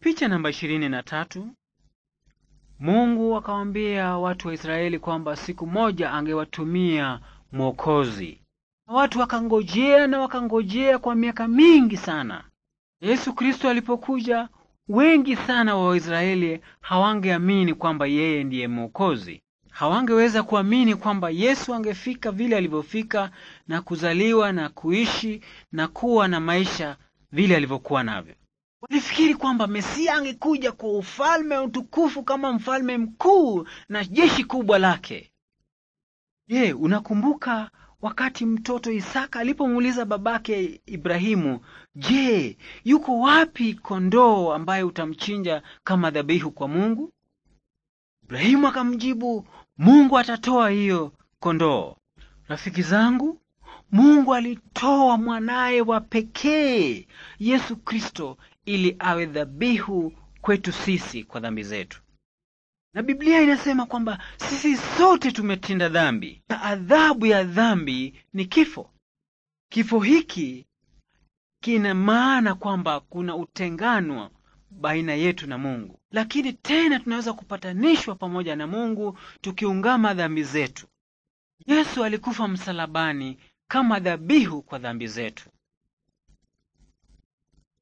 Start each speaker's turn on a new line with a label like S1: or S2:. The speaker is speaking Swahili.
S1: Picha namba ishirini na tatu. Mungu akawaambia watu wa Israeli kwamba siku moja angewatumia Mwokozi. Watu wakangojea na wakangojea kwa miaka mingi sana. Yesu Kristo alipokuja, wengi sana wa Waisraeli hawangeamini kwamba yeye ndiye Mwokozi. Hawangeweza kuamini kwamba Yesu angefika vile alivyofika na kuzaliwa na kuishi na kuwa na maisha vile alivyokuwa navyo. Walifikiri kwamba Mesia angekuja kwa ufalme wa utukufu kama mfalme mkuu na jeshi kubwa lake. Je, unakumbuka wakati mtoto Isaka alipomuuliza babake Ibrahimu, je, yuko wapi kondoo ambaye utamchinja kama dhabihu kwa Mungu? Ibrahimu akamjibu, Mungu atatoa hiyo kondoo. Rafiki zangu, Mungu alitoa mwanaye wa pekee Yesu Kristo ili awe dhabihu kwetu sisi kwa dhambi zetu. Na Biblia inasema kwamba sisi sote tumetenda dhambi na adhabu ya dhambi ni kifo. Kifo hiki kina maana kwamba kuna utenganwa baina yetu na Mungu, lakini tena tunaweza kupatanishwa pamoja na Mungu tukiungama dhambi zetu. Yesu alikufa msalabani kama dhabihu kwa dhambi zetu.